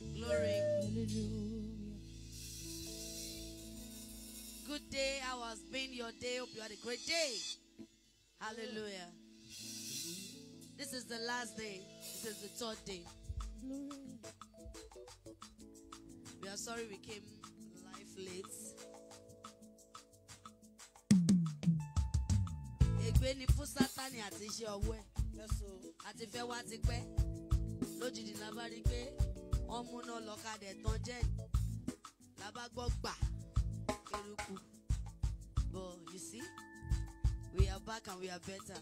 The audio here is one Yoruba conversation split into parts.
Glory. Hallelujah. Good day. How has been your day? Hope you had a great day. Hallelujah. This is the last day. This is the third day. We are sorry we came live late. fún Sátánì àti iṣẹ́ ọwọ́ ẹ̀. Àti fẹ́ wá ti pẹ́. Lójijì bá rí pé. ọmúná lọ́kadà tán jẹ́ lábàgbọ́ gbà eruku but you see we are back and we are better.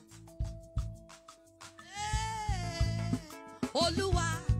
Hey! Olúwa.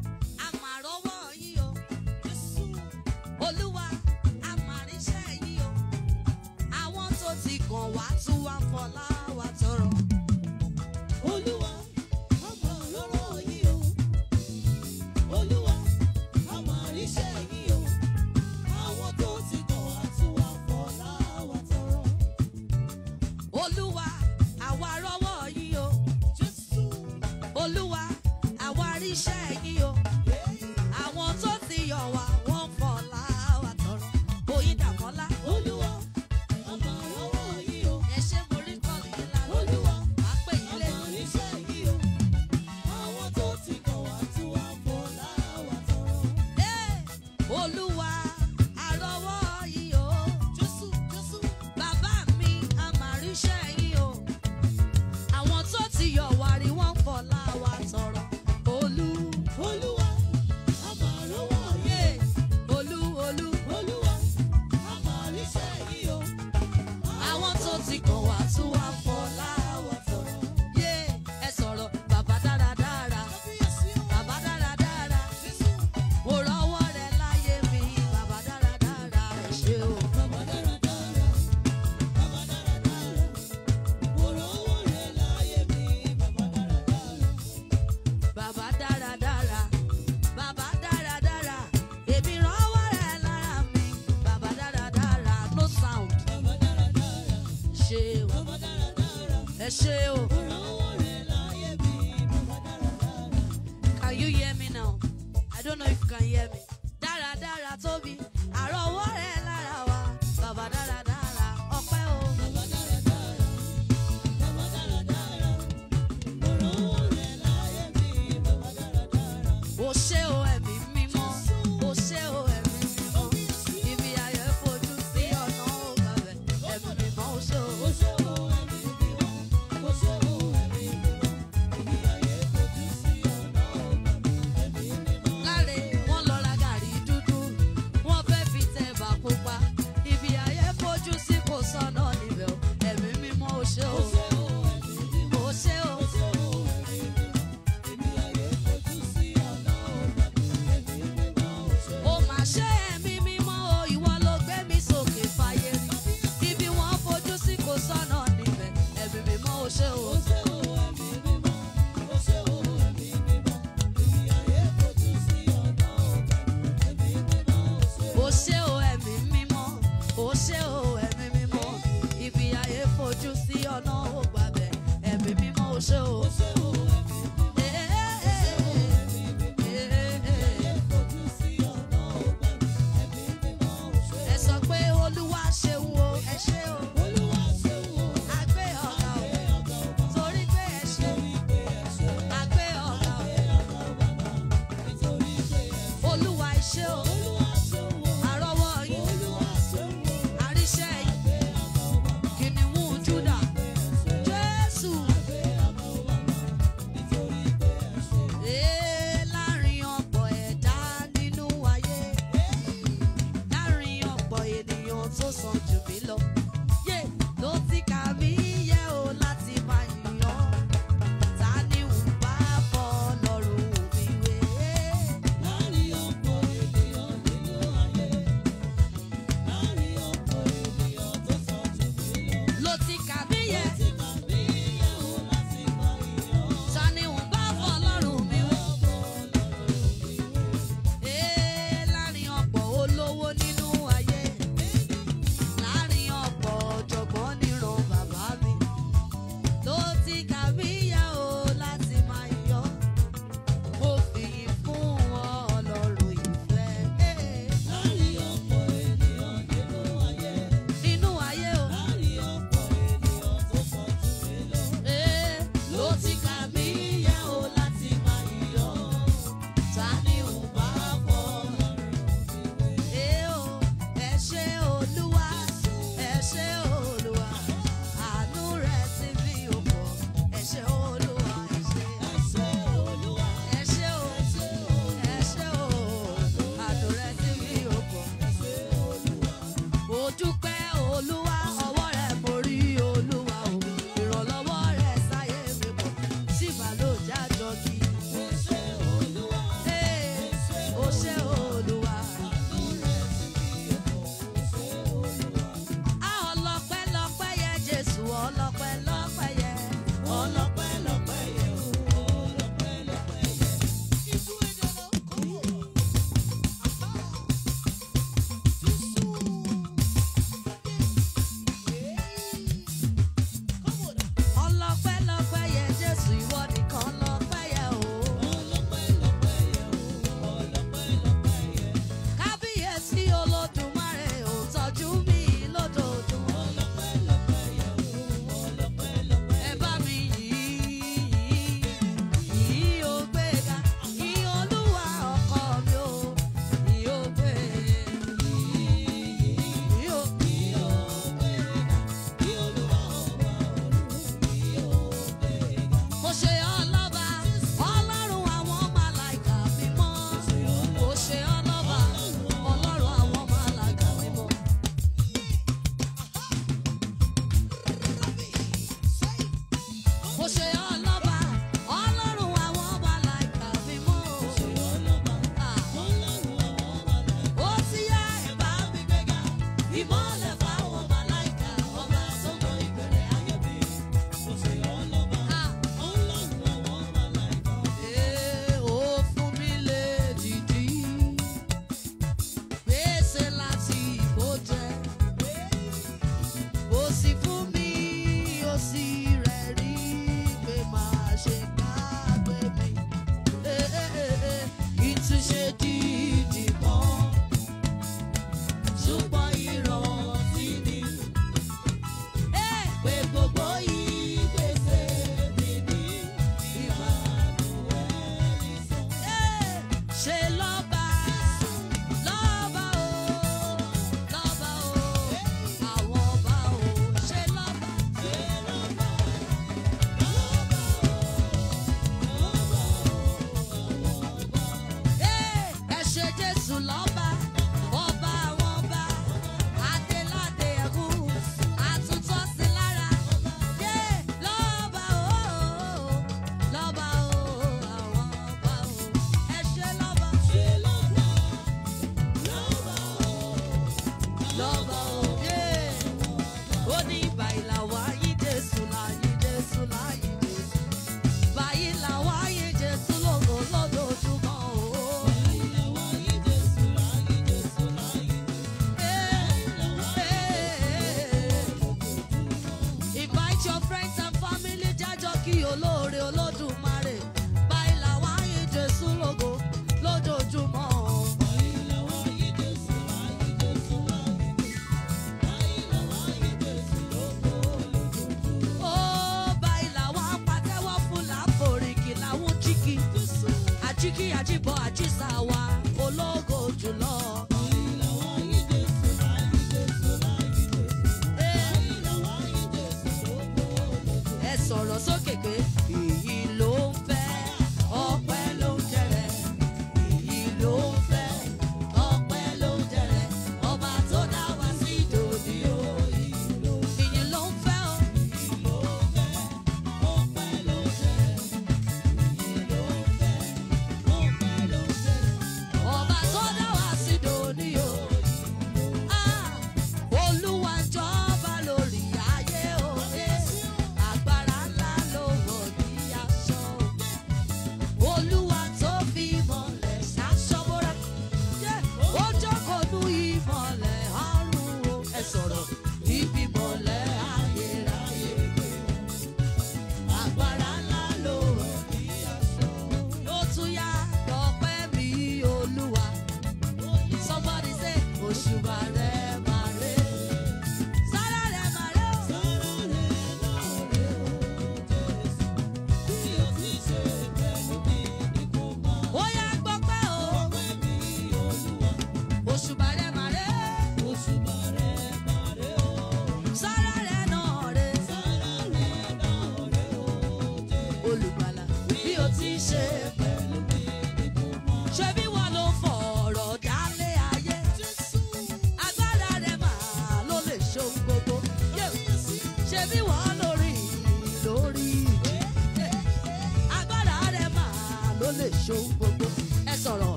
dizer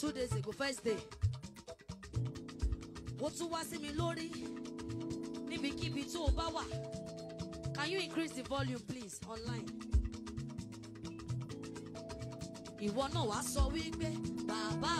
two days ago first day ó tún wá sí mi lórí níbikíbi tó o bá wà can you increase the volume please online. ìwọ náà wá sọ wípé bàbá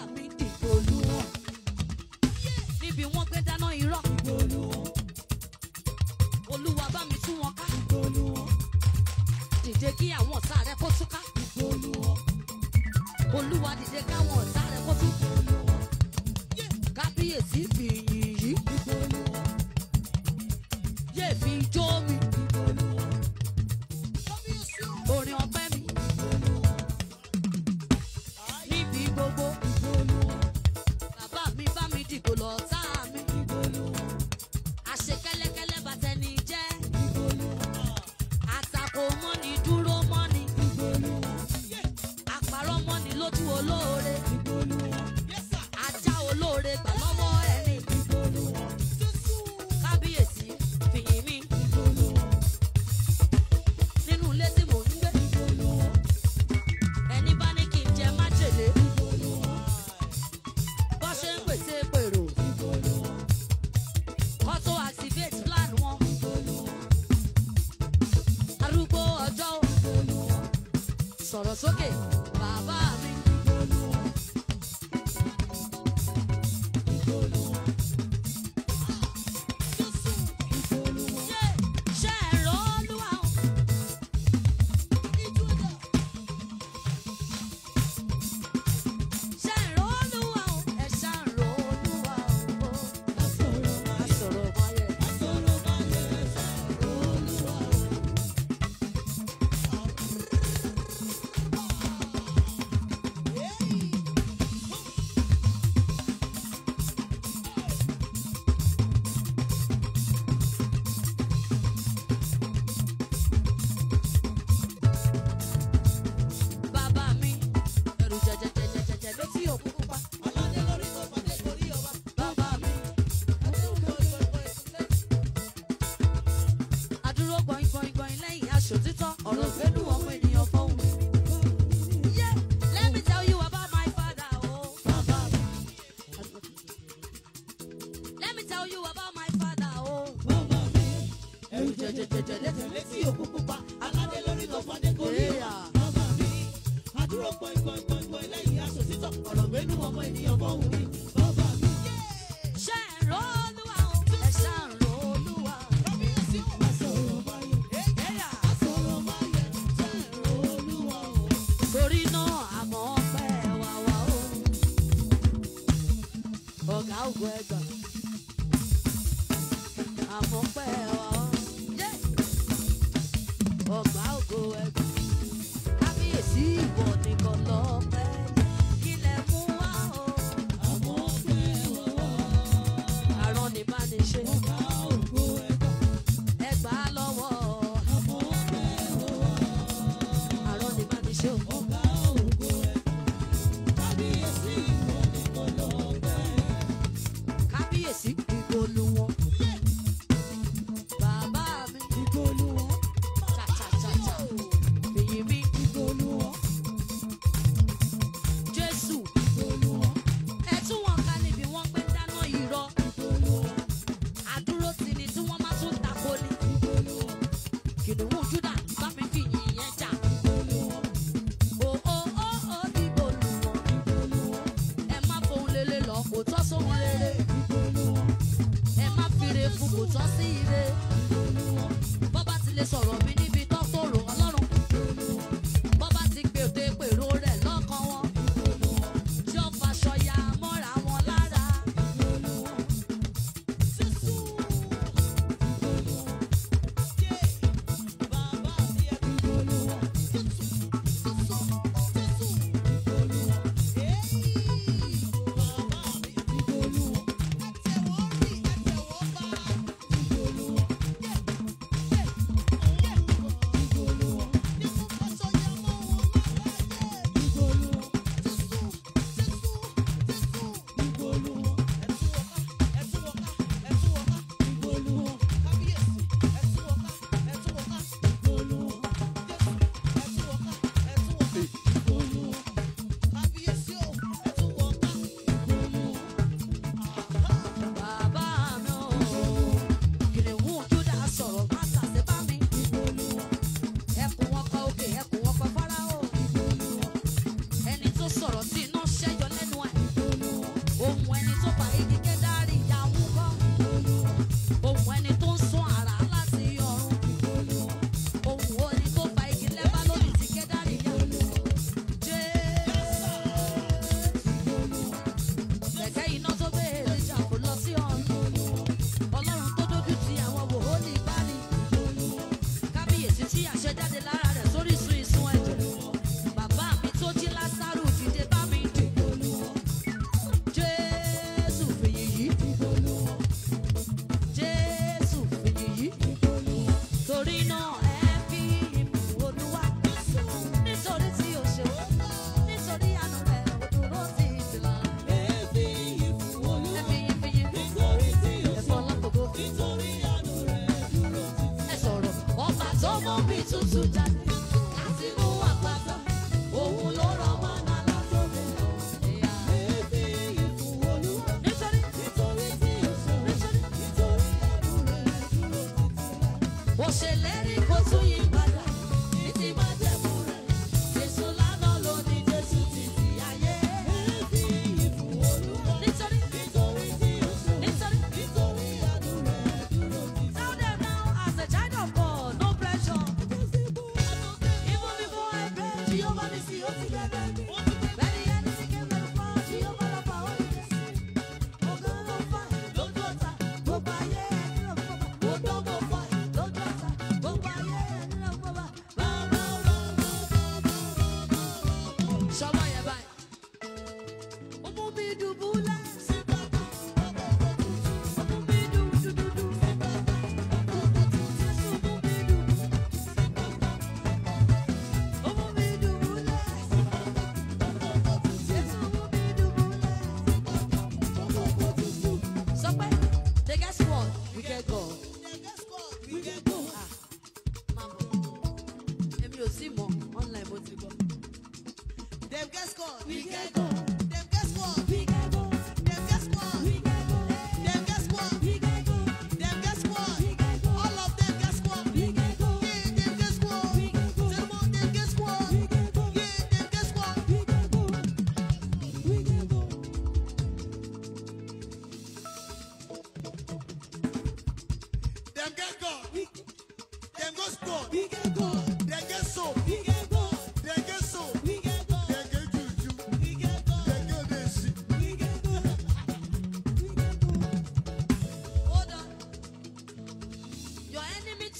enemy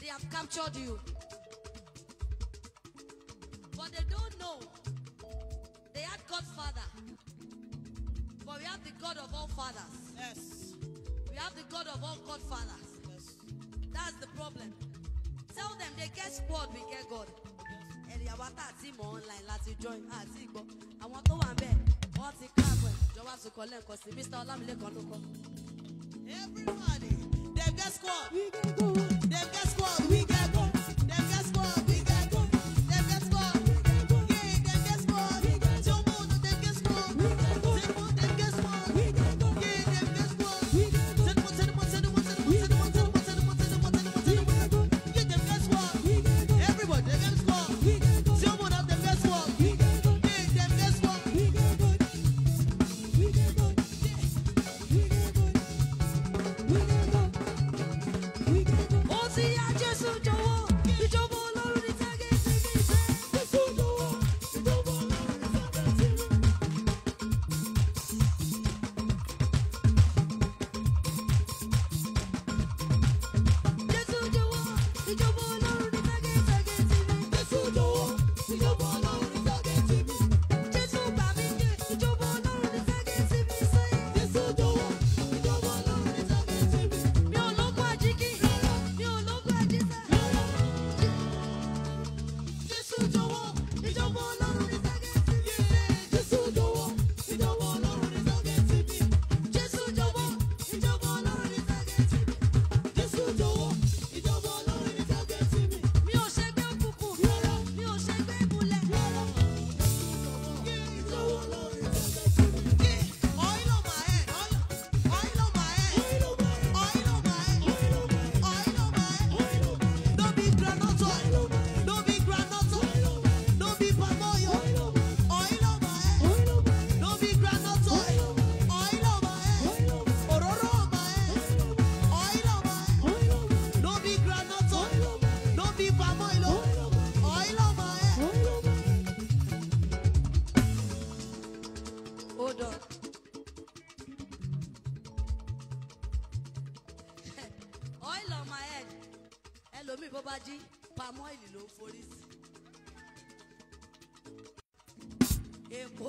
they have captured you. But they don't know. They had Godfather. But we have the God of all fathers. Yes. We have the God of all Godfathers. Yes. That's the problem. Tell them they get spoiled, we get God. ẹ̀rì àwa tá a online láti join àti ìgbọ́ àwọn tó wà bẹ́ẹ̀ wọ́n ti káàbọ̀ ìjọba sùkọ́ lẹ́ẹ̀kan sí Mr. Ọlámilẹ́kan ló kọ́. everybody. Squad.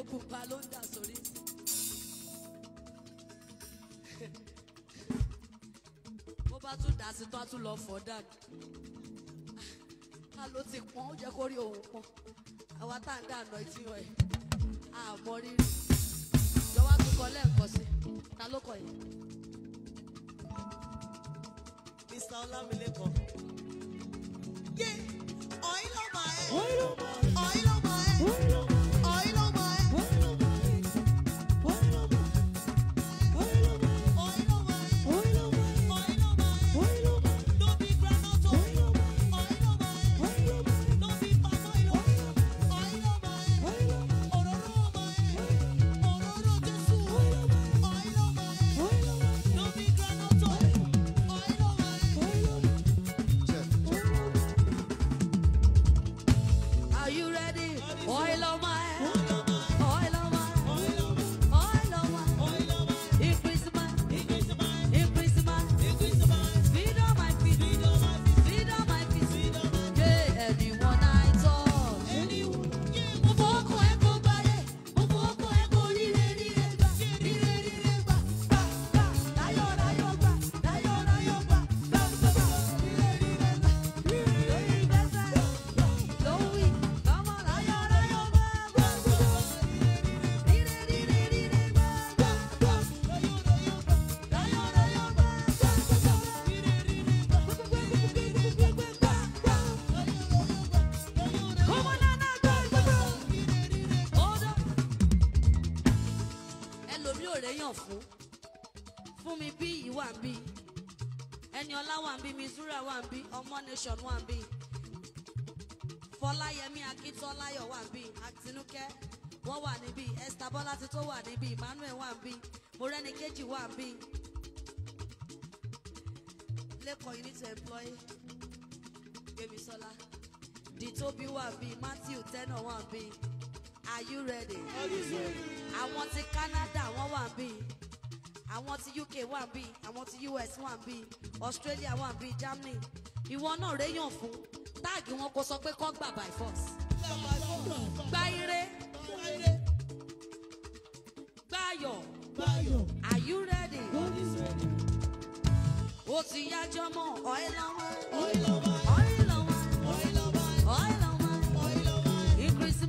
pupa ló ń dà sórí. bó bá tún dà sí tó á tún lọ fọ́ dànù. ká ló ti pọ́n ó jẹ́ kó rí òun pọ́n àwa tá à ń dànù etí ẹ̀ àmọ́ rírì lọ́wọ́ tún kọ lẹ́ẹ̀kan sí ta ló kọ yẹn. Mr. Ọlámilékan. Yeah. wà ń bí Ẹniọlá wà ń bí Missouri wà ń bí ọmọ nation wà ń bí Fọláyẹmí Akíntọ́láyọ̀ wà ń bí Àtinúkẹ́ wọ́n wà níbí Esther Bọ́lá ti tó wà níbí Emmanuel wà ń bí Mọ́rẹ́nikẹ́jì wà ń bí Lẹ́kọ̀ọ́ you need to employ Gbémisọ́lá Dìtóbi wà ń bí Matthew Tẹ́nà wà ń bí Are you ready? Are you ready? Àwọn ti Canada wọ́n wà ń bí àwọn ti UK wà ń bí àwọn ti US wà ń bí Australia wà ń bí Germany ìwọ náà réyàn fún táàgì wọn kò sọ pé kọ́ gbà by force gba ire gba ayọ̀ are you ready? ó ti yájọ́ mọ́ ọ̀ ẹ́ lọ́wọ́ ọ̀ ẹ́ lọ́wọ́ ọ̀ ẹ́ lọ́wọ́ ọ̀ ẹ́ lọ́wọ́ increase.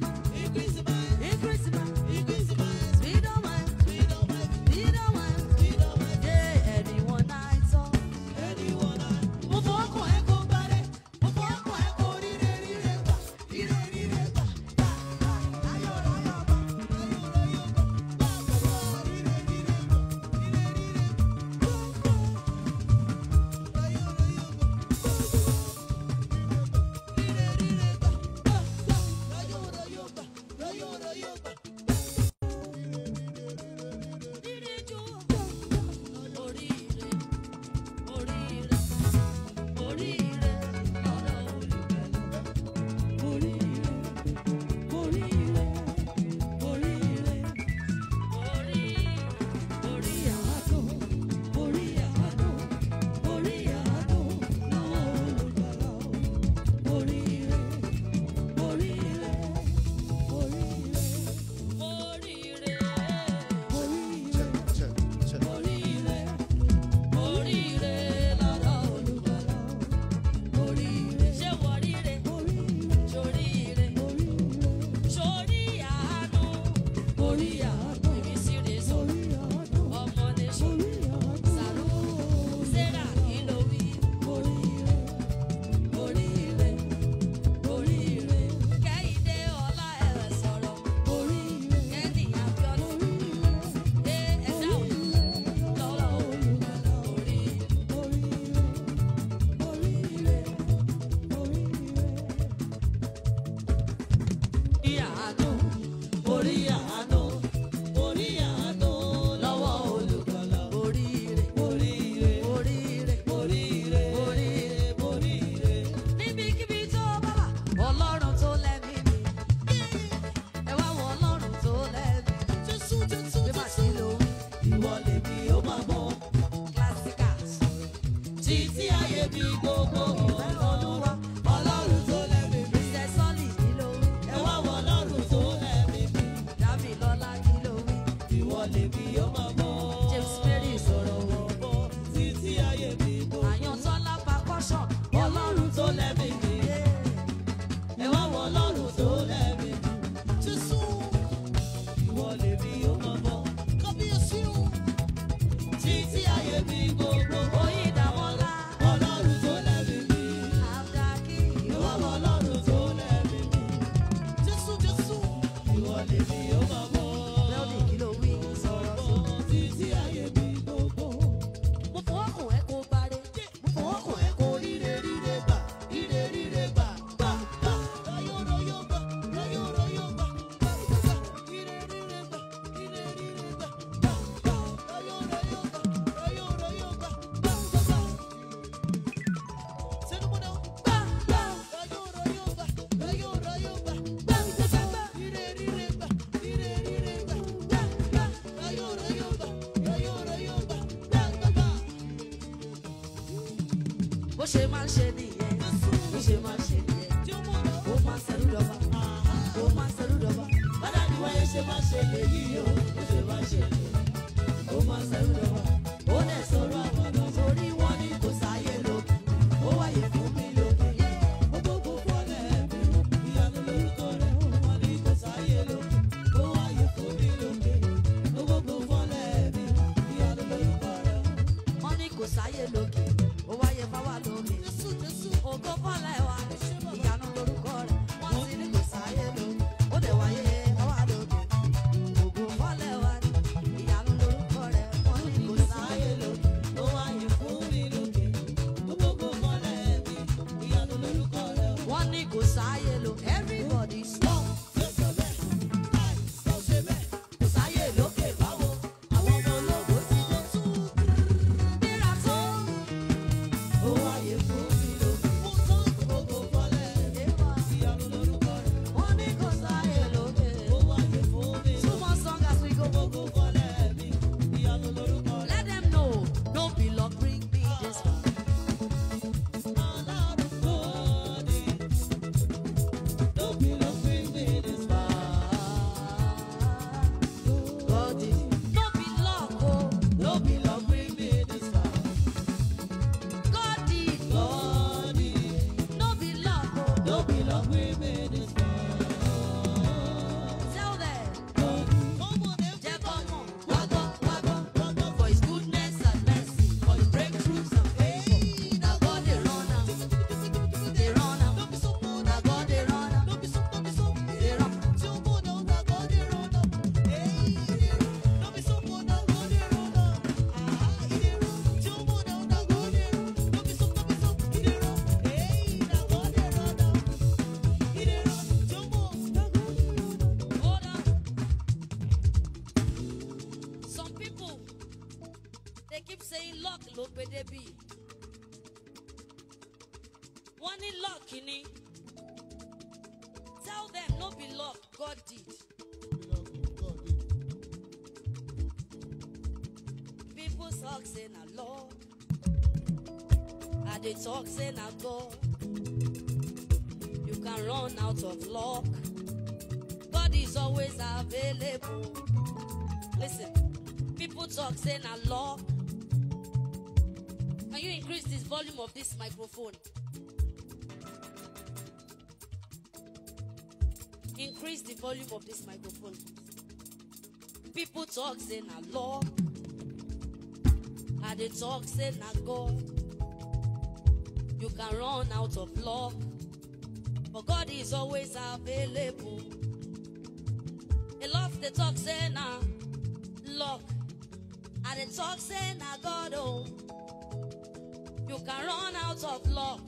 they talk, I go. You can run out of luck. God is always available. Listen, people talk, saying I luck. Can you increase this volume of this microphone? Increase the volume of this microphone. People talk, saying I luck. And they talk, say I go can run out of luck, But God is always available. A lot they talk say now, luck. And they talk say now, God, oh. You can run out of luck.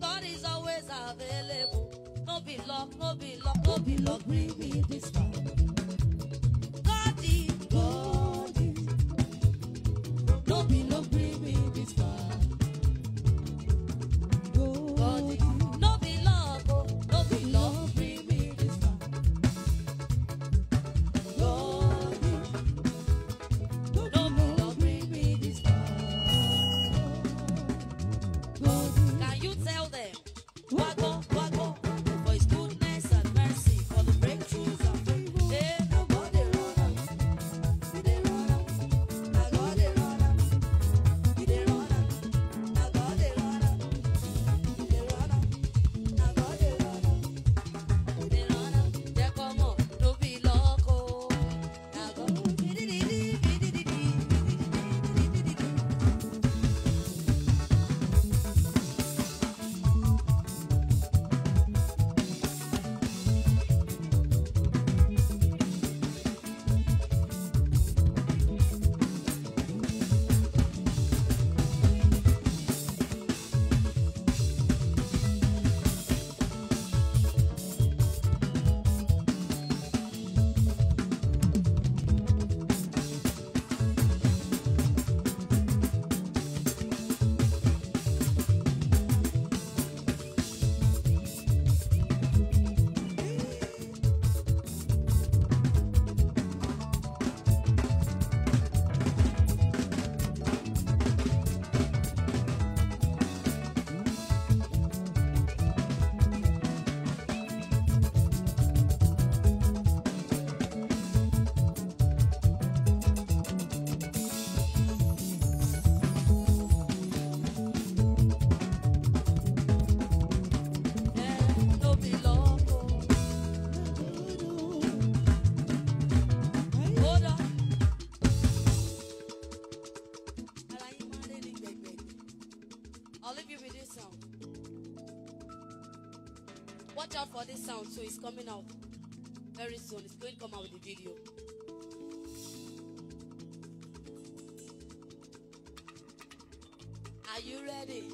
God is always available. No be luck, no be luck, no be luck, bring me this far. watch out for this sound so it's coming out very soon it's going to come out with the video. Are you ready?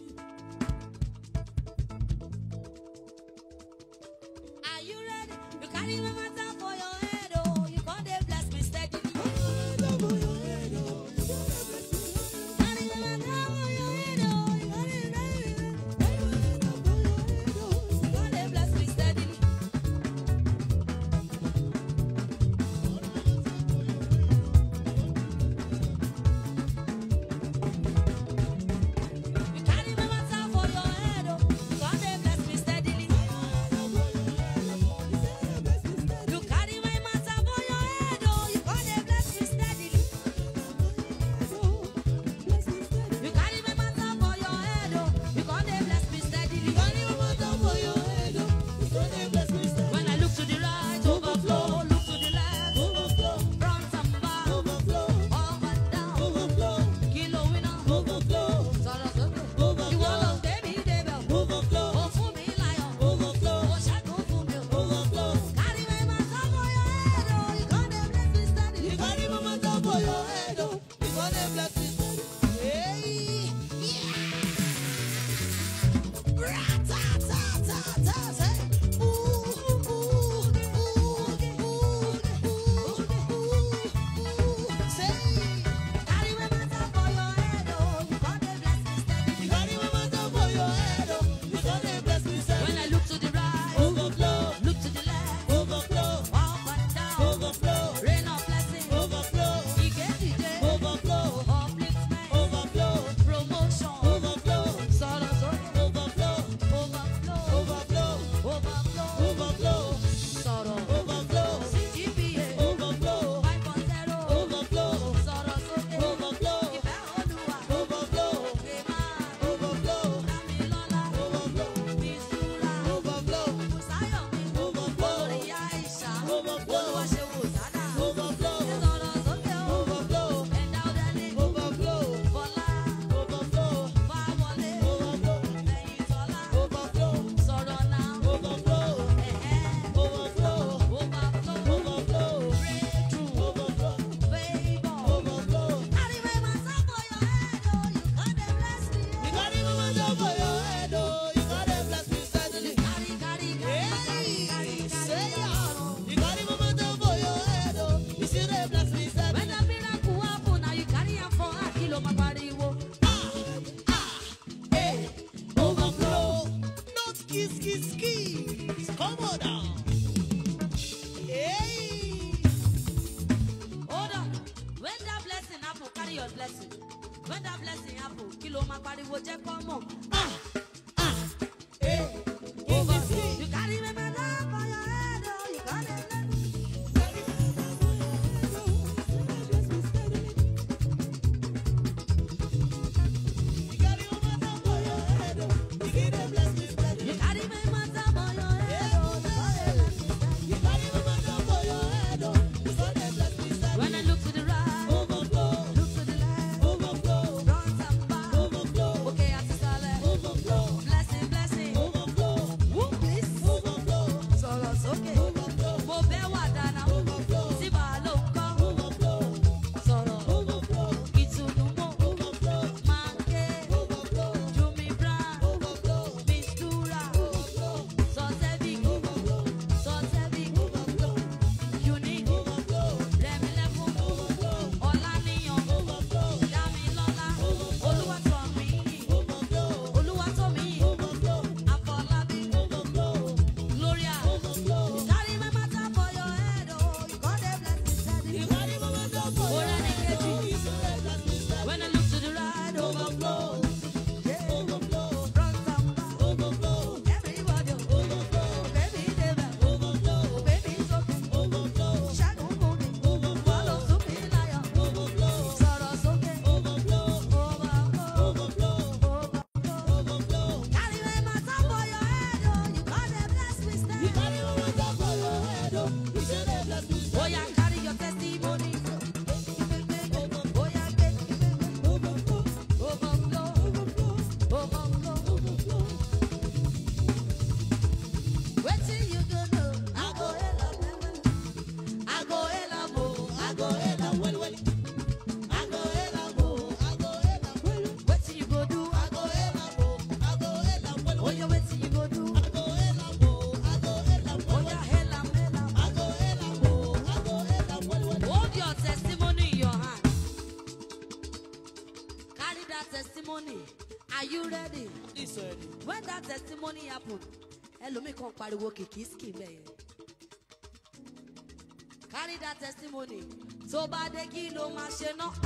ski, ski, ski. Cómoda. Hey. on. When that blessing apple carry your blessing. When that blessing apple kilo ló máa pariwo jẹ́ kó mọ̀. Are you ready? Yes, ready. When that testimony happen, ẹlòmíì kan pariwo kìkìsìkì bẹ́ẹ̀ yẹn. Carry that testimony. Tó bá dé kí ló máa ṣe náà.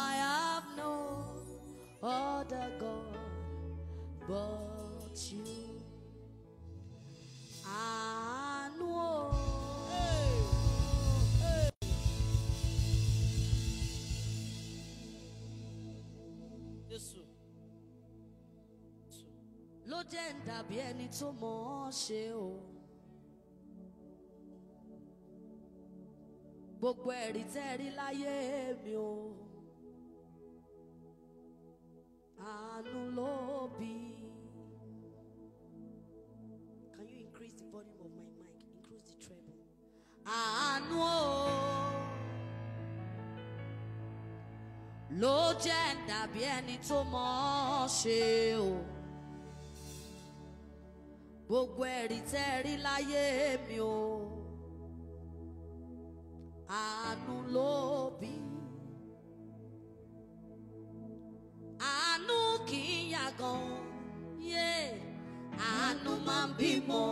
jẹ́ ń dàbí ẹni tó mọ̀ ṣe o. gbogbo ẹ̀rí tẹ́ rí láyé mi o. àánú ló bí. Can you increase the volume of my mic? Increase the treble. àánú o. ló jẹ́ ń dàbí ẹni tó mọ̀ ṣe o. gbogbo ẹ̀rí tẹ́ rí láyé mi o àánú ló bí àánú kì í yàgàn yé àánú máa ń bímọ.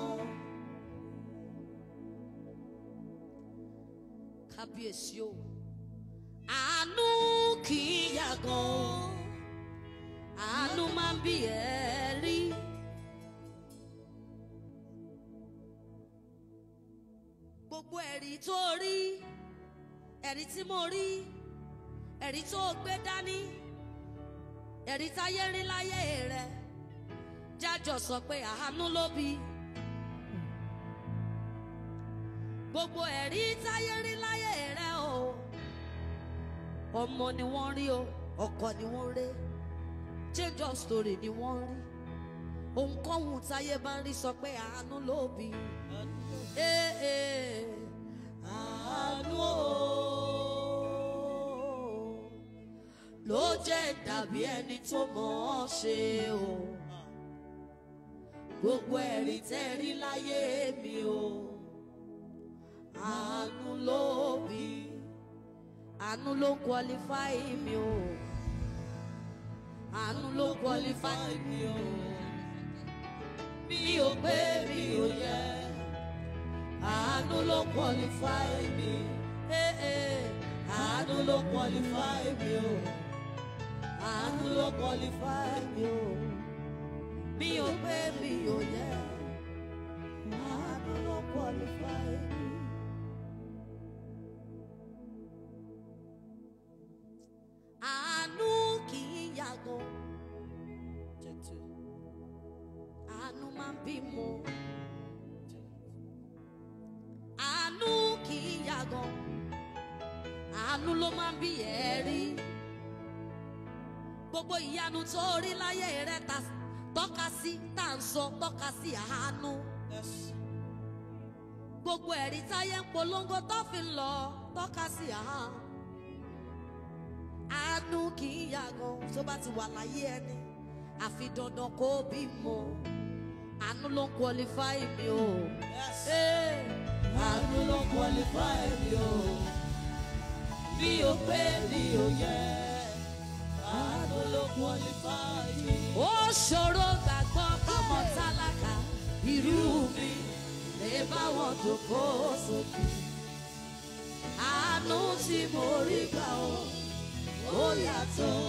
kábíyèsí o àánú kì í yàgàn àánú máa ń bí ẹ̀rí. gbogbo ẹ̀rí tó rí ẹ̀rí tí mo rí ẹ̀rí tó gbé dání ẹ̀rí táyé rí láyé rẹ̀ jájọ sọ pé àánú ló bí. gbogbo ẹ̀rí táyé rí láyé rẹ̀ o ọmọ ni wọ́n rí o ọkọ ni wọ́n rí change of story ni wọ́n rí ohunkóhun táyé bá ń rí sọ pé àánú ló bí. Hey, eh, eh. hey àánú o ló jẹ́ dàbí ẹni tó mọ̀ ọ́ ṣe o gbogbo ẹ̀rí tẹ́ rí láyé mi o àánú ló bí àánú ló qualify mi o àánú ló qualify mi o mi ò pé mi ò yẹ àánú ló qualify mi eh, eh. àánú ló qualify mi o àánú ló qualify mi o mi ò pé mi ò yẹ àánú ló qualify mi. gbogbo ìyanu tó rí láyé rẹ tọ́ka sí tá à ń sọ tọ́ka sí àánú. gbogbo ẹ̀rí táyé ń polongo tó fi ń lọ tọ́ka sí àánú. àánú kì í yàgò tó bá ti wà láyé ẹni àfi dandan kó bímọ àánú ló ń qualify mi o. àánú ló ń qualify mi o. bí o pé bí o yẹ ó ṣòro gbàgbọ́ báwọn tálákà irú mi lè báwọn tó kó sókè àánú tí mo rí gbà ó ó yàtọ̀.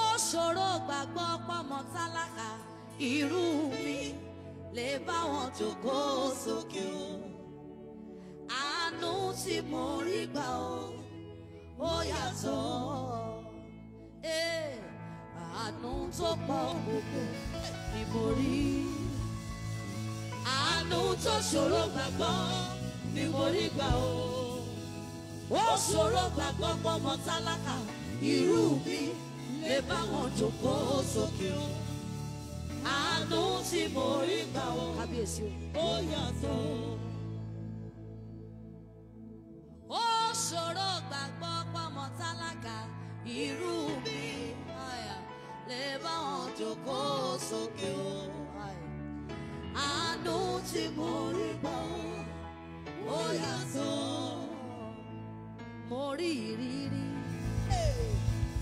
ó ṣòro gbàgbọ́ pọ́mọ tálákà irú mi lè báwọn tó kó sókè ó àánú tí mo rí gbà ó ó yàtọ̀ àánú tó pọ̀ gbogbo ni mo rí àánú tó ni mo rí gbà o ó ṣòro gbàgbọ́ pọ́mọ tálákà irú mi lè o àánú tí mo rí o ó yàtọ̀ ó ṣòro pamọ́ tálákà irú mi lè bá wọn jókòó sókè o. àánú tí mo rí gbọ́ ó yàtọ̀ mo rí ìrírí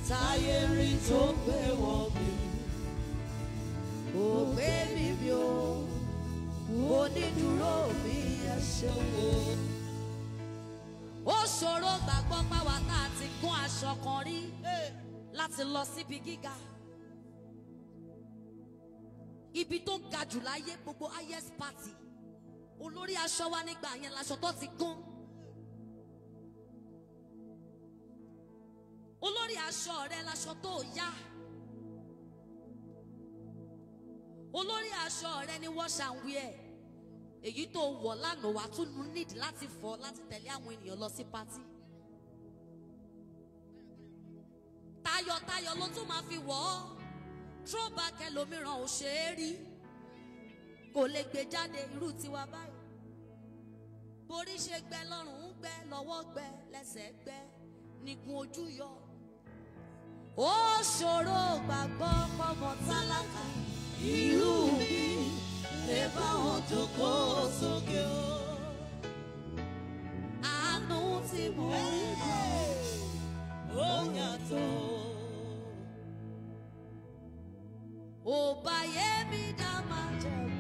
táyé rí tó gbé wọ̀ mí ò gbé mi mi o onídùúró mi ẹ ṣeun ó ṣòro gbàgbọ́ páwa tá a ti gún aṣọ kan rí láti lọ síbi gíga ibi tó ga jù láyé gbogbo highest party olórí aṣọ wa nígbà yẹn laṣọ tó ti gún olórí aṣọ rẹ laṣọ tó yá olórí aṣọ rẹ ni wash and wear èyí tó wọ̀ lánàá wà tún need láti fọ láti tẹ̀lé àwọn ènìyàn lọ sí patí. tayọ̀tayọ̀ ló tún máa fi wọ̀ ọ́ throwback ẹlòmíràn ò ṣe é rí kò lè gbé jáde irú tiwa báyìí borí ṣe gbẹ lọ́rùn ń gbẹ lọ́wọ́ gbẹ lẹ́sẹ̀ gbẹ nígun ojú yọ ó ṣòro gbàgbọ́ fọmọ tálákà irú mi lè bá wọn jókòó sókè o. àánú tí mo rí bá ó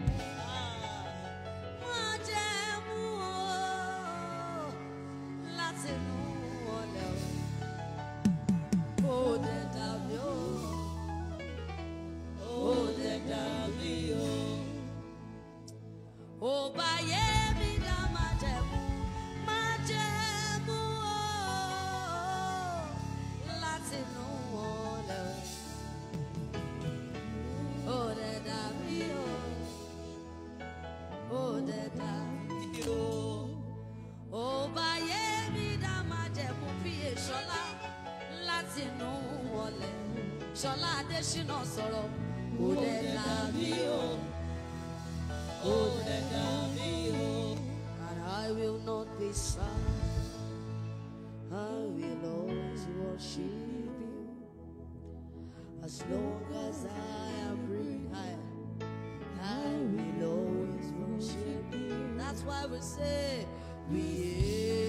would say we. Yeah.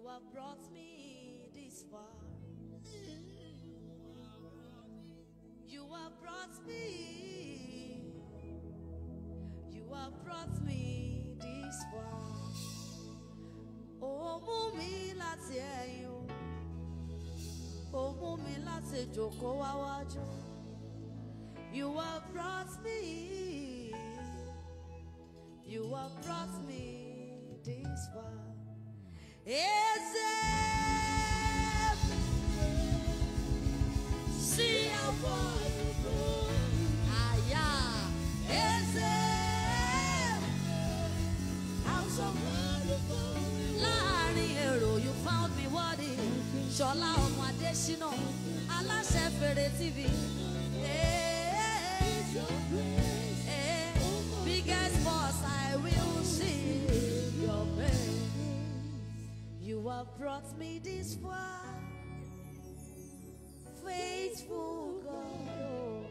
You have brought me this far. You have brought me. You have brought me this far. Ó oh, mú mi láti ẹ̀yìn Oh, Ó mú mi láti o wáwájú. You have brought me. You have brought me this far. Is See how I'm so wonderful. you found me worthy. Eh, eh, eh. Biggest boss. have brought me this far. Faithful God, oh.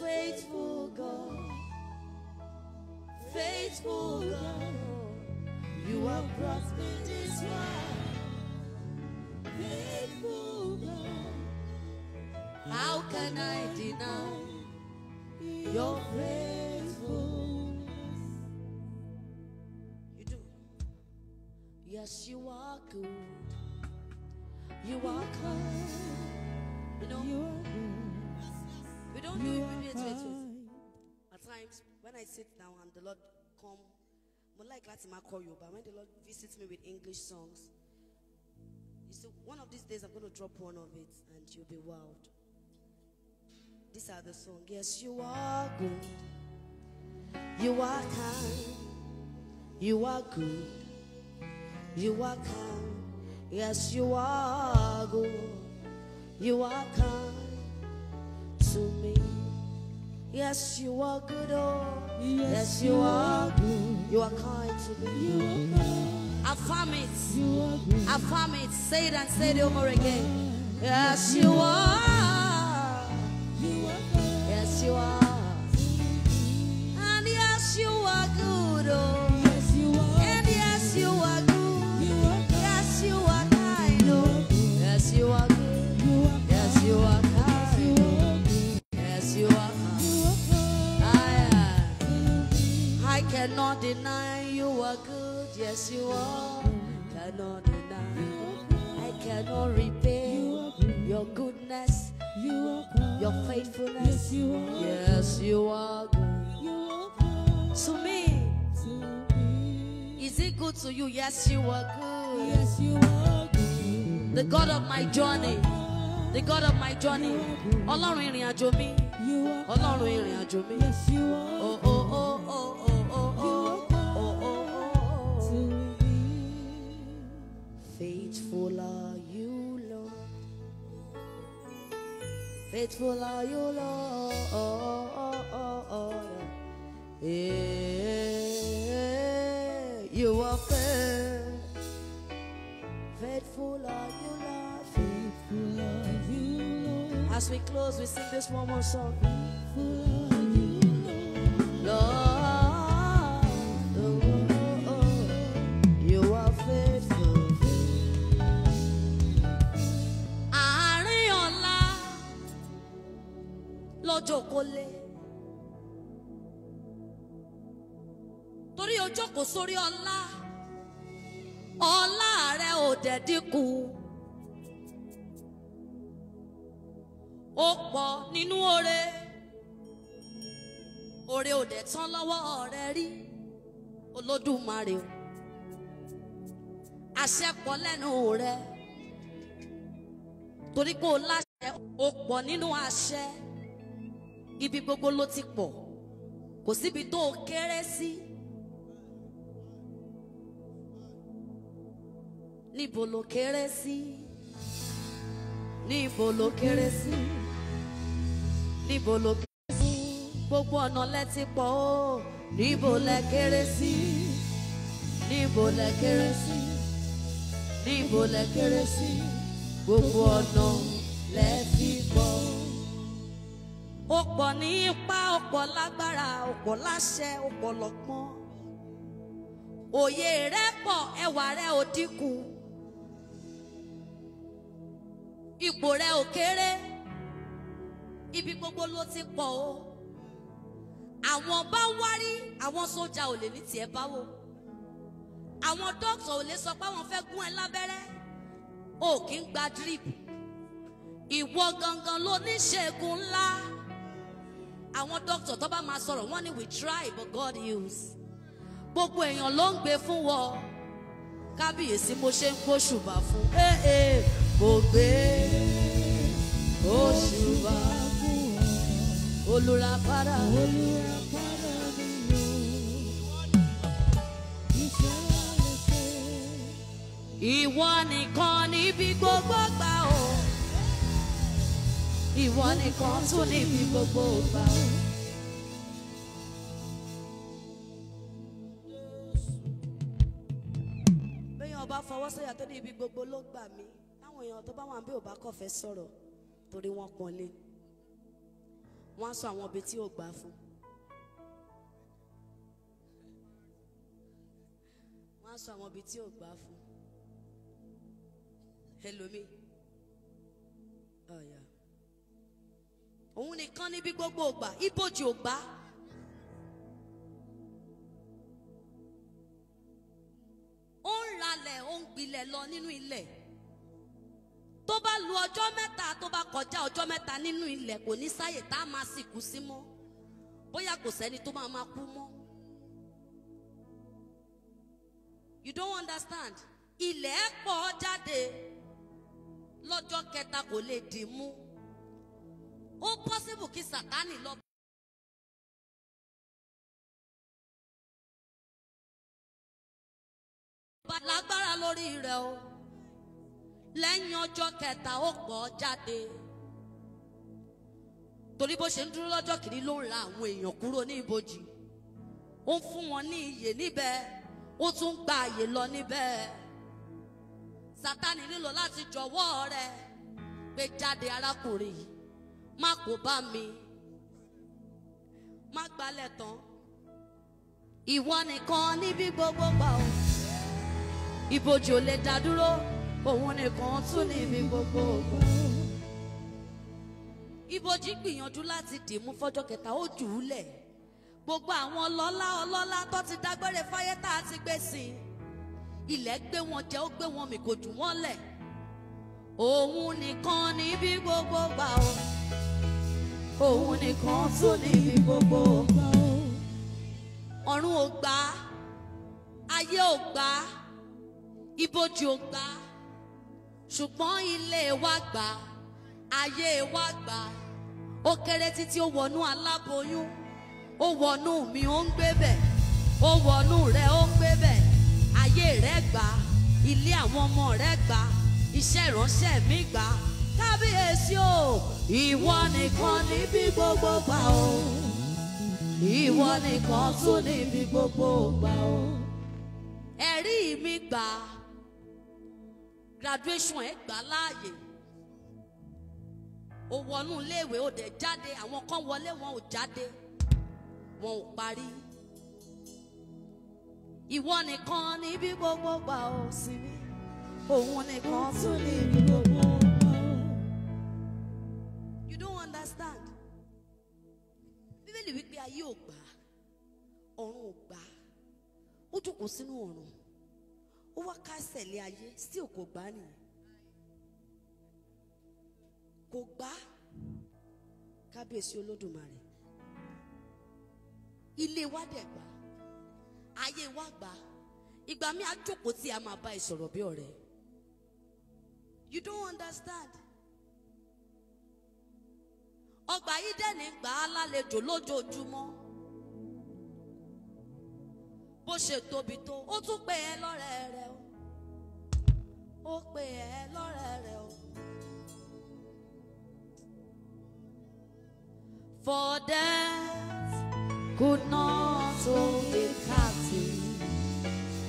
faithful God, faithful God, you have brought me this far. Faithful God, how can I deny your faith? Yes, you are good. You are kind. You know, you are good. we don't you do it. Wait, At times, when I sit down and the Lord come, more like Latima call you, but when the Lord visits me with English songs, you see, one of these days I'm going to drop one of it and you'll be wowed. These are the songs. Yes, you are good. You are kind. You are good. You are kind, yes, you are good. You are kind to me. Yes, you are good, oh. Yes, yes you, you are good. You are kind to me. Affirm it. Affirm it. Say it and say it over again. Yes, you are. Yes, you are. deny you are good, yes you are. Cannot deny, I cannot repay your goodness, your faithfulness. Yes, you are good to me. Is it good to you? Yes, you are good. Yes, you are good. The God of my journey, the God of my journey. Ọlọ́run ìrìn àjò mi, Ọlọ́run ìrìn àjò mi. Yes, you are. Oh, oh. Faithful are you, Lord. Faithful are you, Lord. Yeah, you are fair. Faithful are you, Lord. Faithful are you, Lord. As we close, we sing this one more song. Faithful are you, Lord. Lord. jókòó lé torí o jókòó sórí ọlá ọlá rẹ ò dẹ̀ dínkù ó pọ̀ nínú oore oore ò dẹ̀ tán lọ́wọ́ rẹ rí olódùmarè o àṣẹ pọ̀ lẹ́nu rẹ torí kó láṣẹ ó pọ̀ nínú àṣẹ ibi gbogbo ló ti pọ̀ kò síbi tó o kéré sí níbo ló kéré sí níbo ló kéré sí níbo ló kéré sí gbogbo ọ̀nà lẹ ti pọ̀ o níbo lẹ kéré sí níbo lẹ kéré sí níbo lẹ kéré sí gbogbo ọ̀nà lẹ fi pọ̀ o ó pọ̀ ní ipá ó pọ̀ lágbára ó pọ̀ láṣẹ ó pọ̀ lọ́gbọ́n òye rẹ pọ̀ ẹwà rẹ ò dínkù ipò rẹ ò kéré ibi gbogbo ló ti pọ̀ o àwọn bá wárí àwọn sójà ò lè ní tiẹ̀ báwo àwọn dókítà ò lè sọ pé àwọn fẹ́ gún ẹ lábẹ́rẹ́ o kì í gba drip ìwọ gangan ló ní ṣègùn ńlá àwọn dókítà tó bá máa sọ̀rọ̀ wọ́n ní we try but God heals gbogbo èèyàn ló ń gbé fún wọ kábíyèsí mo ṣe ń gbóṣùbà fún ee mo gbé òṣùbà fún olùràpadà olùràpadà mi lò ìfẹ́ rẹ̀ pé ìwọ nìkan níbi gbogbo gbà ó ìwọ nìkan tó níbi gbogbo gbà ó. bẹ́ẹ̀ ọba fọwọ́ sọ̀yà tó níbi gbogbo ló gbà mí táwọn èèyàn tó bá wà bí ọba kò fẹ́ sọ̀rọ̀ torí wọ́n pọ́nlé wọ́n á sọ àwọn ibi tí ò gbà fún. wọ́n á sọ àwọn ibi tí ò gbà fún. ẹlòmíì. Oh, yeah òun nìkan níbi gbogbo ògbà ibojì ògbà. ó ń ralẹ̀ ó ń gbilẹ̀ lọ nínú ilẹ̀ tó bá lu ọjọ́ mẹ́ta tó bá kọjá ọjọ́ mẹ́ta nínú ilẹ̀ kò ní sáyè tá a máa sìnkú sí mọ́ bóyá kò sẹ́ni tó máa máa kú mọ́. You don't understand ilẹ̀ pọ̀ jáde lọ́jọ́ kẹta kò lè dì mú ó pọ́sibù kí sàtánì lọ. lágbára lórí rẹ̀ o lẹ́yìn ọjọ́ kẹta ó pọ̀ jáde torí bó ṣe ń dúró lọ́jọ́ kìíní ló ń ra àwọn èèyàn kúrò ní ibojì ó ń fún wọn ní iyè níbẹ̀ ó tún ń gba àyè lọ níbẹ̀ sátánì nílò láti jọ̀wọ́ rẹ̀ gbé jáde arákùnrin yìí má kó bá mi má gbalẹ̀ tán ìwọ nìkan níbi gbogbo gbà ó ìbòjì ò lè dá dúró òun nìkan tún níbi gbogbo gbà ìbòjì gbìyànjú láti dìímú fọ́jọ́ kẹta ó jù ú lẹ̀ gbogbo àwọn ọlọ́lá ọlọ́lá tó ti dágbére fáyé tá a ti gbé sí i ilẹ̀ gbé wọn jẹ ó gbé wọn mì kò jù wọ́n lẹ̀ òun nìkan níbi gbogbo gbà ó òun nìkan tó ní gbogbo ọ̀run ò gbà ayé ò gbà ibojì ò gbà ṣùgbọ́n ilé wa gbà ayé wa gbà ó kéré títí ó wọnú aláboyún ó wọnú mi ó ń gbé bẹ̀ ó wọnú rẹ ó ń gbé bẹ̀ ayé rẹ gbà ilé àwọn ọmọ rẹ gbà iṣẹ́ ìránṣẹ́ mi gbà kábíyèsí o ìwọ nìkan níbi gbogbo gbà o ìwọ nìkan tún níbi gbogbo gbà o ẹ̀rí mi gbà graduation ẹ̀ gbà láàyè ó wọnú iléèwé ó dẹ̀ jáde àwọn kan wọlé wọn ò jáde wọn ò parí ìwọ nìkan níbi gbogbo gbà ó sinmi òun nìkan tún níbi gbogbo. ayé ò gbà ọ̀run ò gbà ó jókòó sínú ọ̀run ó wá kásẹ̀ lé ayé sí òkò gbà nìyẹn kò gbà kábíyèsí olódùmarè ilé wa dẹ̀ gbà ayé wa gbà ìgbà mi á jókòó tí a máa bá ìsọ̀rọ̀ bí ọ̀rẹ́ you don't understand ọgbà ídẹ́nì gbà á lálejò lójoojúmọ́ bó ṣe tóbi tó ó tún pè é lọ́rẹ̀ẹ́ rẹ o ó pè é lọ́rẹ̀ẹ́ rẹ o. For death could not hold him captive,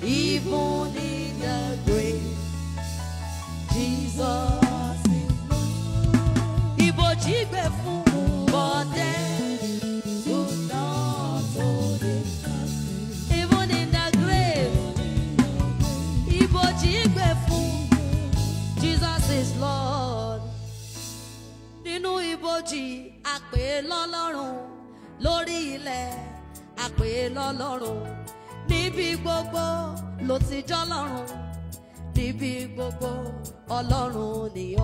even in the grave, Jesus jígbe fún bọ́dẹ́. Even in the grave, ibo jígbe fún Jesus is Lord. Nínú ibojì àpè lọ́lọ́run lórí ilẹ̀ àpè lọ́lọ́run níbi gbogbo ló ti jọ́lọ́run níbi gbogbo ọlọ́run nìyẹn.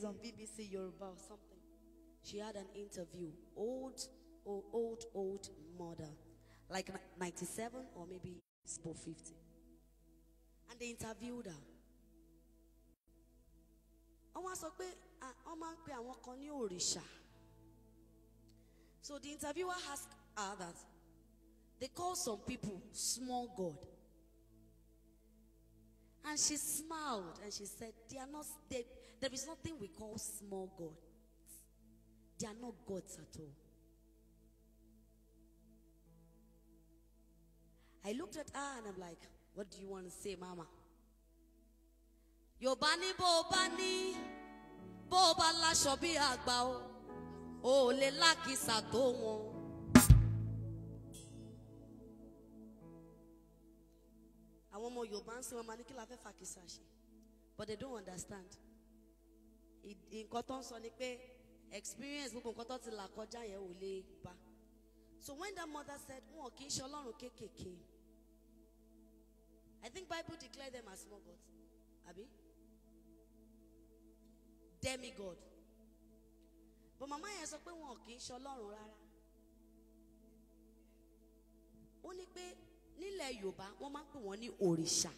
is on BBC Yoruba or something. She had an interview. Old, old, old, old mother. Like 97 or maybe it's 50. And they interviewed her. wọ́n máa ń So the interviewer asked her that they call some people small God. And she smiled and she said, They are not, they, There is nothing we call small gods. They are not gods at all. I looked at her and I'm like, what do you want to say, mama? Yorùbá ní bó o bá ní bó o o ò lè lákìsà tó àwọn ọmọ Yorùbá ń sin wọn máa ní kí la fẹ́ fàkìsà ṣe but they don't understand nǹkan tó ń sọ ni pé experience gbogbo nǹkan tó ti là kọjá yẹn ò lè bá so when that mother said wọn kì í ṣe ọlọ́run kéékèèké I think Bible declare them as small gods demi god. but mama yẹn sọ pé wọn kì í ṣe ọlọ́run rárá ó ní pé nílẹ̀ Yorùbá wọ́n máa ń pè wọ́n ní òrìṣà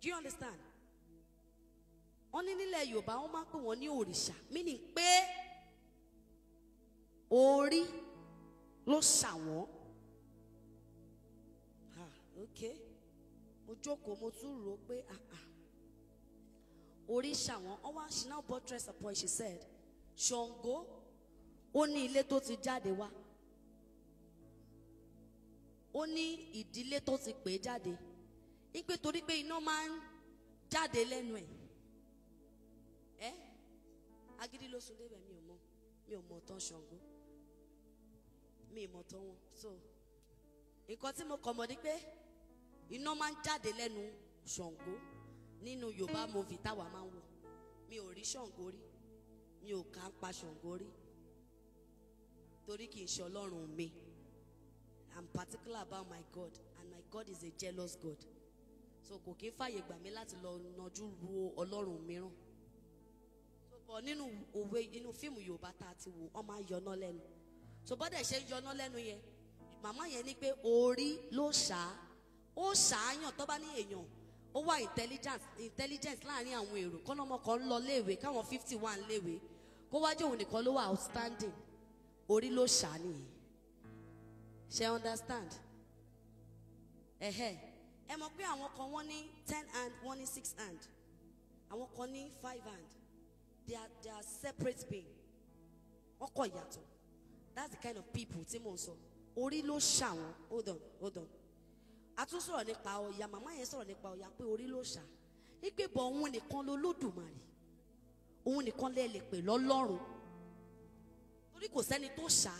do you understand wọ́n ní nílẹ̀ Yorùbá wọ́n máa ń pè wọ́n ní òrìṣà meaning pé orí ló ṣà wọ́n ok mo jókòó mo tún rò ó pé ah, ah. orí ṣà wọ́n ọwọ́ she now buttress upon she said Ṣàngó ó ní ilé tó ti jáde wá ó ní ìdílé tó ti pè é jáde ní pé torí pé iná máa ń jáde lẹ́nu ẹ̀ agídí ló sùn débẹ̀ mi ò mọ̀ mi ò mọ̀ tán Ṣàngó mi ì mọ̀ tán wọn so nǹkan tí mo kọ̀ mọ̀ ni pé iná máa ń jáde lẹ́nu Ṣàngó nínú Yorùbá movie táwa máa ń wò mi ò rí Ṣàngó rí mi ò kà ń pa Ṣàngó rí torí kì í ṣe Ọlọ́run mi I'm particular about my God and my God is a jealous God so kò kí ń fàyè gbà mí láti lọ nájú ru Ọlọ́run mìíràn bọ̀ nínú òwe inú fíìmù Yorùbá tá a ti wò ọmọ ayọ̀nà lẹ́nu tó bọ́dẹ̀ ṣe ń yọ̀nà lẹ́nu yẹn màmá yẹn ní pé orí ló ṣá ó ṣàáyàn tó bá ní èèyàn ó wà intelligence intelligence láàrin àwọn èrò kọ́ lọ́mọ kan lọ léèwé káwọn fifty one léèwé kó wájú òun nìkan ló wà outstanding orí ló ṣá nìyẹn ṣe understand ẹ̀hẹ́ ẹ mọ̀ pé àwọn kan wọ́n ní ten hand wọ́n ní six hand àwọn kan ní five hand they are they are separate being wọn kọ yàtọ̀ that's the kind of people tí so ori lo sha. ló ṣà wọn hold on hold on a tún sọ̀rọ̀ nípa ọ̀yà màmá yẹn sọ̀rọ̀ ori lo sha. orí ló ṣà wípé bọ̀ òun nìkan lolódùmarè òun nìkan lẹ lè pè lọ́lọ́run torí kò sẹ́ni to ṣà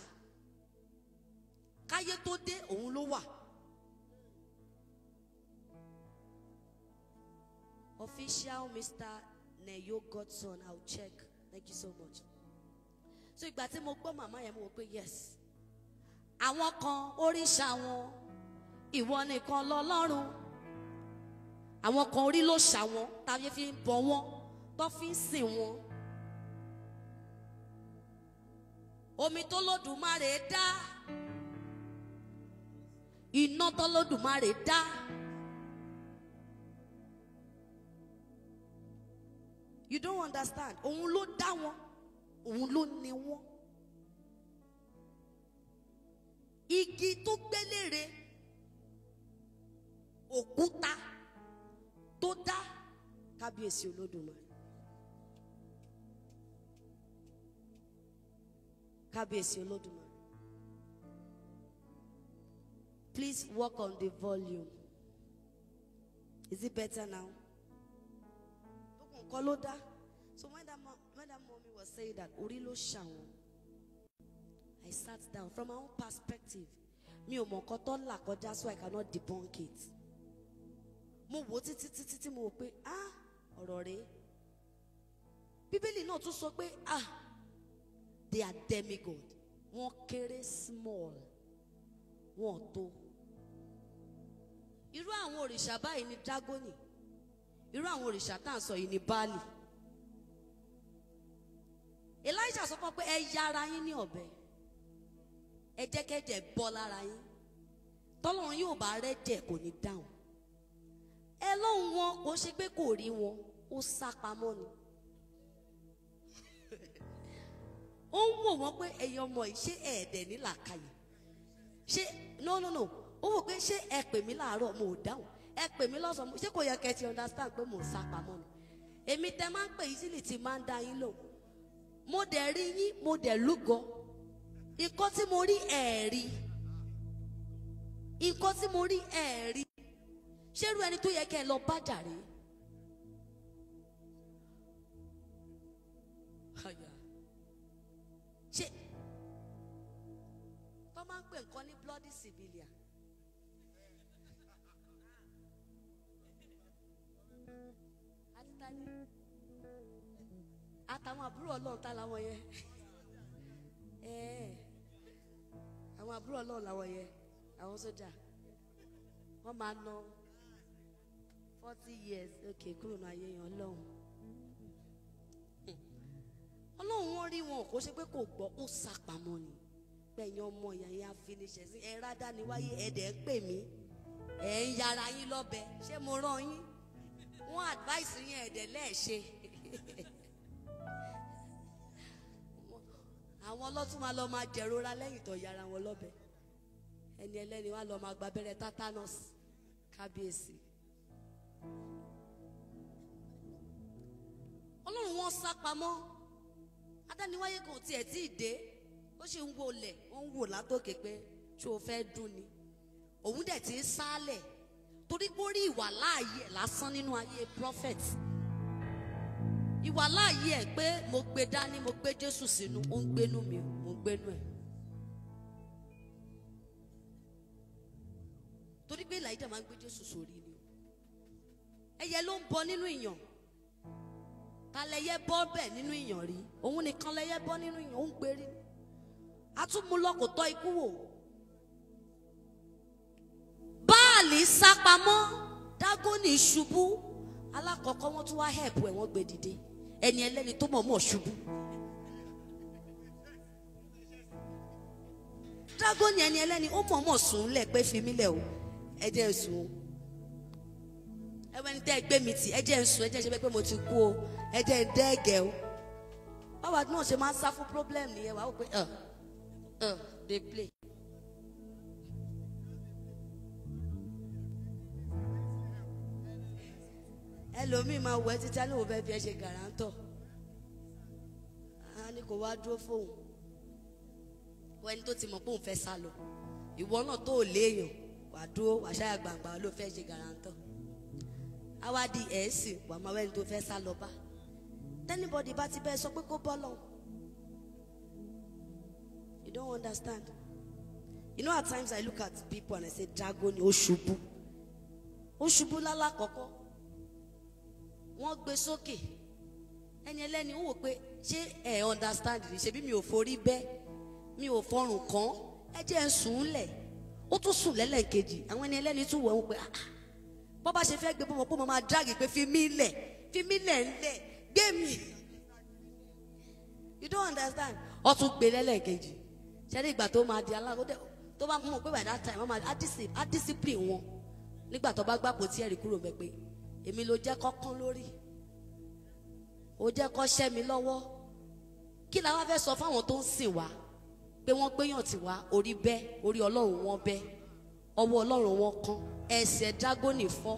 káyé tó dé òun ló wà. Official Mr. Neyo Godson. I'll check. Thank you so much. So ìgbà tí mo gbọ́ màmá yẹn mo wò pé yes. Àwọn kan oríṣà wọn, ìwọ nìkan lọ́lọ́run. Àwọn kan orí ló ṣà wọn, táyé fi ń bọ wọn, tó fi ń sìn wọn. Omi tó lódùmarè dá, iná tó lódùmarè dá. You don't understand. Òun ló dá wọn. Òun ló ni wọn. Igi tó gbélére òkúta tó dá kábíyèsí olódùmarè. Kábíyèsí olódùmarè. Please work on the volume. Is it better now? kọ́ ló dá so when that, mom, when that mommy was saying that orí ló ṣàwọn I sat down from my own perspective mi ò mọ̀ nǹkan tó là kọjá so I cannot debunk it mo wò títí títí tí mo wò pé ah ọ̀rọ̀ rèé bíbélì náà tún sọ pé ah they are demigod wọ́n kéré small wọ́n tó irú àwọn òrìṣà báyìí ni dragoni irú àwọn òrìṣà tá à ń sọ yìí ní Báàlì Elisha sọ fún ọ pé ẹ yára yín ní ọ̀bẹ ẹ jẹ́ kẹ́jẹ̀ bọ́ lára yín tọ́lọ́run yóò bá rẹ́jẹ̀ kò ní dáhùn ẹ lóhùn wọn kò ṣe pé kò rí wọn ó sá pamọ́ ni ó ń wò wọ́n pé ẹ̀yin ọmọ yìí ṣé ẹ̀ẹ́dẹ̀ ní làákàyè ṣé no no no ó wò pé ṣé ẹ pè mí láàárọ̀ mo ò dáhùn ẹ pè mí lọ́sàn-án ṣé kò yẹ kẹ́ ti understand pé mò ń sá pamọ́ ni èmi tẹ máa ń pè yín sílì tí máa ń da yín lò mo dẹ̀ rí yín mo dẹ̀ lúgọ nǹkan tí mo rí ẹ̀ rí nǹkan tí mo rí ẹ̀ rí ṣé irú ẹni tó yẹ kẹ́ ẹ lọ bá jàre. ṣé tọ́ máa ń pè nǹkan ní bloody civilian. dání àtàwọn àbúrò ọlọ́run ta làwọn yẹn àwọn àbúrò ọlọ́run làwọn yẹn àwọn sójà wọ́n máa ná forty years Okay, kúrò náà ayé yẹn ọlọ́run ọlọ́run wọn rí wọn kó ṣe pé kò gbọ́ ó sàpamọ́ ni gbẹ̀yìn ọmọ ìyá yẹn àfiniṣẹ̀ sí rádá ni wáyé ẹ̀dẹ̀ ń pè mí ẹ̀ ń yára yín lọ́bẹ̀ ṣé mo rán yín wọ́n advice yẹn ẹ̀dẹ̀ lẹ́ẹ̀ṣe àwọn ọlọ́tún máa lọ máa jẹ̀rora lẹ́yìn tó yára wọn lọ́bẹ̀ ẹni ẹlẹ́ni wá lọ máa gba abẹ́rẹ́ tatanus kábíyèsí. ọlọ́run wọn sá pamọ́ adániwáyé kò tiẹ̀ tí ì dé ó sì ń wọlé ó ń wò látòkè pé tí o fẹ́ dún ni òun dẹ̀ ti ń sálẹ̀ torí pé ó rí ìwà láàyè lásán nínú ayé prophet ìwà láàyè ẹ pé mo gbé dání mo gbé Jésù sínú ó ń gbénú mi mo ń gbénú ẹ. torí pé làyídà máa ń gbé Jésù sórí ni ẹyẹ ló ń bọ nínú ìyàn ta bọ bẹ́ẹ̀ nínú ìyàn rí òun nìkan lẹyẹ bọ nínú ìyàn ó ń gbérí a tún mú lọkòtọ ikú wò Báàlì sá pamọ́ Dágónì ṣubú alákọ̀ọ́kọ́ wọ́n tún wá hẹ̀pù ẹ̀ wọ́n gbé dìde ẹni ẹlẹ́ni tó mọ̀ mọ̀ ṣubú. Dágónì ẹni ẹlẹ́ni ó mọ̀ mọ̀ sùn lẹ̀ pé fi mí lẹ̀ o ẹ jẹ́ sùn o ẹwẹ́ni tẹ́ ẹ gbé mi tì ẹ jẹ́ sùn ẹ jẹ́ ṣe pé mo ti kú o ẹ jẹ́ dẹ́gẹ̀ o báwa náà ṣe máa ń sá fún problem nìyẹn wàá wò pé ẹ ẹ dey play. ẹlòmíì máa wọ ẹ títí alẹ́ òun fẹ́ fi ẹ ṣe gàrántọ̀ á ní kó wá dúró fóun kó ẹni tó ti mọ̀ pé òun fẹ́ sá lọ ìwọ náà tó léèyàn wà dúró wà ṣáyà gbàǹgbà ló fẹ́ ṣe gàrántọ̀ á wá di ẹ̀ẹ́sì wà máa wẹ́ni tó fẹ́ sá lọ bá tẹ́nibọ́dì bá ti bẹ́ẹ̀ sọ pé kó bọ́ lọ́hùn you don't understand. You know, at times I look at people and I say, "Dragon, ni Oshubu. Oshubu lálá kọ̀kọ́ wọ́n gbé sókè ẹni ẹlẹ́ni ó wò pé ṣé ẹ understand ni ṣebí mi ò forí bẹ́ mi ò fọrùn kàn ẹ jẹ́ ń sùn lẹ̀ ó tún sùn lẹ́lẹ́kejì àwọn ẹni ẹlẹ́ni tún wọ̀ ẹ́ pé ah, ah. bọ́ ṣe fẹ́ gbé bọ́mọ pé mo máa drag pé fi mí lẹ̀ fi mí lẹ̀ ńlẹ̀ gbé mi you don't understand ó tún gbé lẹ́lẹ́kejì ṣẹ́ni ìgbà tó máa di alágódé tó bá mọ̀ pé by that time á discipline wọn nígbà tó bá gbàpò tí ẹ̀rí kúrò mẹ́pẹ́ èmi ló jẹ́ kó kán lórí ó jẹ́ kó ṣẹ́ mi lọ́wọ́ kí la wá fẹ́ sọ fáwọn tó ń sìn wá pé wọ́n gbéyàn tì wá orí bẹ́ orí ọlọ́run wọn bẹ́ ọwọ́ ọlọ́run wọn kán ẹsẹ̀ dágónì fọ́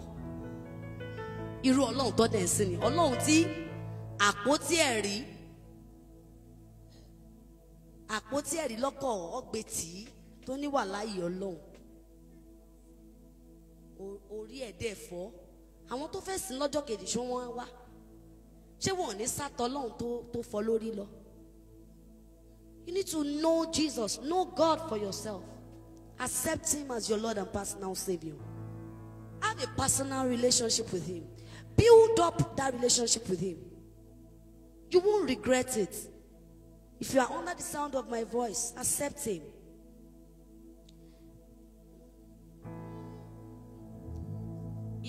irú ọlọ́run tó dẹ̀ ń sìn ni ọlọ́run tí àpótí ẹ̀rí àpótí ẹ̀rí lọ́kọ̀ ọ̀gbẹ́ tì í tó ní wàhálà yìí ọlọ́run orí ẹ̀ dẹ̀ fọ́. àwọn tó fẹ́ sìn lọ́jọ́ kejì wọ́n wá ṣé wọn ò ní sátọ lọ́hùn tó tó fọ́ lórí lọ. You need to know Jesus, know God for yourself. Accept Him as your Lord and personal Savior. Have a personal relationship with Him. Build up that relationship with Him. You won't regret it. If you are under the sound of my voice, accept Him.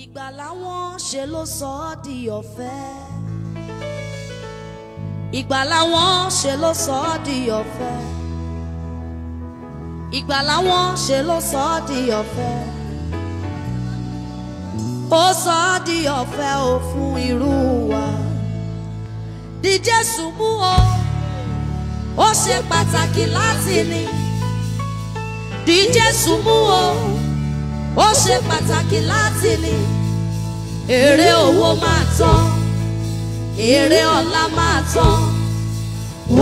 ìgbàlà wọn ṣe ló sọ ọ́ di ọ̀fẹ́ ìgbàlà wọn ṣe ló sọ ọ́ di ọ̀fẹ́ ìgbàlà wọn ṣe ló sọ ọ́ di ọ̀fẹ́ ó sọ ọ́ di ọ̀fẹ́ ò fún irú wa di Jésù o ó ṣe pàtàkì láti ní di Jésù mú o ó ṣe pàtàkì láti ní èrè owó máa tán èrè ọlá máa tán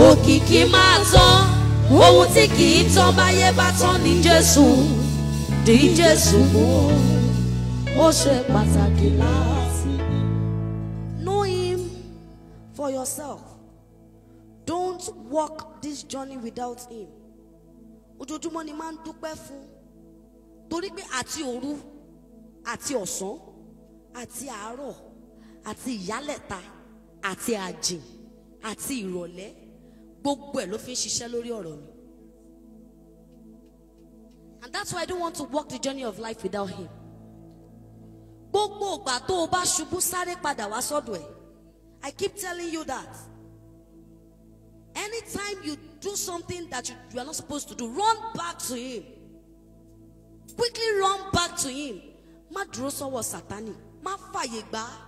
òkìkí máa tán ohun tí kì í tán báyé bá tán ní Jésù ní Jésù mú ó ṣe pàtàkì láti ní. Know him for yourself. Don't walk this journey without him. Ojoojúmọ́ ni máa ń dúpẹ́ fún torí pé àti òru àti ọ̀sán àti àárọ̀ àti ìyálẹ̀ta àti àjìn àti ìrọ̀lẹ́ gbogbo ẹ̀ ló fi ń ṣiṣẹ́ lórí ọ̀rọ̀ mi. And that's why I don't want to walk the journey of life without him. Gbogbo ìgbà tó o bá ṣubú sáré padà wá sọ́dọ̀ ẹ̀. I keep telling you that. Anytime you do something that you, you are not supposed to do, run back to him quickly run back to him má dúró sọ́wọ́ sátani má fàyè gbà á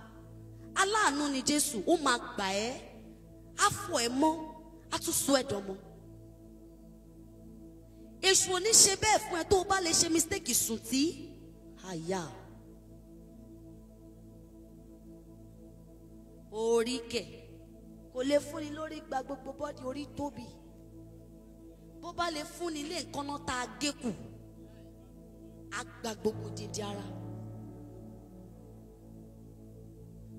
aláàánú ni jésù ó máa gbà ẹ́ á fọ ẹ mọ́ á tún so ẹ̀dọ̀ mọ́ èṣù ò ní ṣe bẹ́ẹ̀ fún ẹ tó o bá lè ṣe mistake sùn tí àyà orí kẹ̀ kò lè fúnni lórí gba gbogbo bọ́dì orí tóbi bó bá lè fúnni lé nǹkan náà tá a gé kù.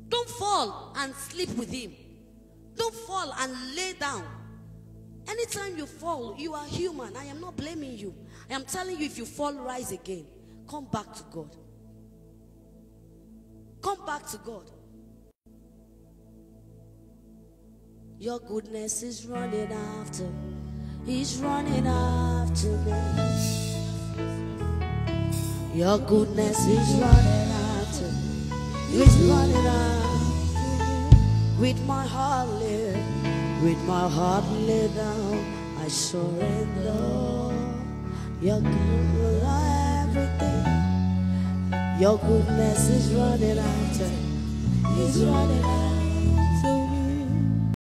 Don't fall and sleep with him. Don't fall and lay down. Anytime you fall, you are human. I am not blaming you. I am telling you if you fall, rise again. Come back to God. Come back to God. Your goodness is running after. He's running after me. Your goodness is running out. It's is running out. With my heart laid, with my heart laid down, I surrender. Your good everything. Your goodness is running out. It's is running out.